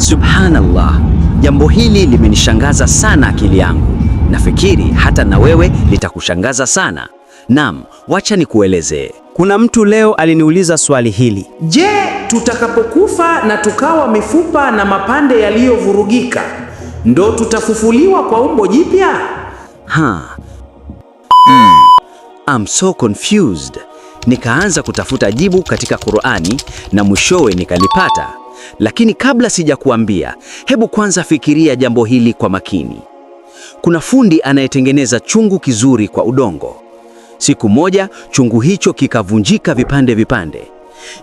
Subhanallah, jambo hili limenishangaza sana akili yangu. Nafikiri hata na wewe litakushangaza sana. Naam, wacha nikuelezee. Kuna mtu leo aliniuliza swali hili. Je, tutakapokufa na tukawa mifupa na mapande yaliyovurugika, ndo tutafufuliwa kwa umbo jipya? Ha. Mm. I'm so confused. Nikaanza kutafuta jibu katika Qur'ani na mwishowe nikalipata. Lakini kabla sijakuambia, hebu kwanza fikiria jambo hili kwa makini. Kuna fundi anayetengeneza chungu kizuri kwa udongo. Siku moja chungu hicho kikavunjika vipande vipande.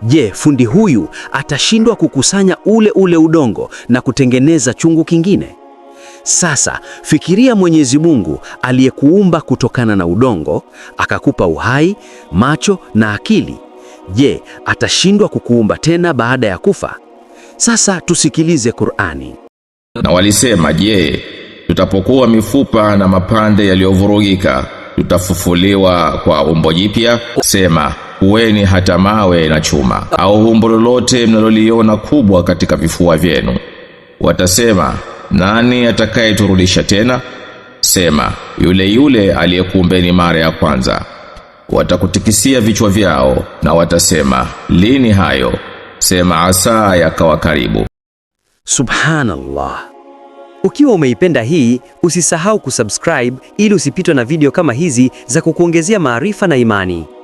Je, fundi huyu atashindwa kukusanya ule ule udongo na kutengeneza chungu kingine? Sasa fikiria Mwenyezi Mungu aliyekuumba kutokana na udongo, akakupa uhai, macho na akili. Je, atashindwa kukuumba tena baada ya kufa? Sasa tusikilize Qur'ani. Na walisema, je, tutapokuwa mifupa na mapande yaliyovurugika tutafufuliwa kwa umbo jipya? Sema, kuweni hata mawe na chuma au umbo lolote mnaloliona kubwa katika vifua vyenu. Watasema, nani atakayeturudisha tena? Sema, yule yule aliyekuumbeni mara ya kwanza. Watakutikisia vichwa vyao na watasema, lini hayo? sema asa yakawa karibu. Subhanallah. Ukiwa umeipenda hii, usisahau kusubscribe ili usipitwe na video kama hizi za kukuongezea maarifa na imani.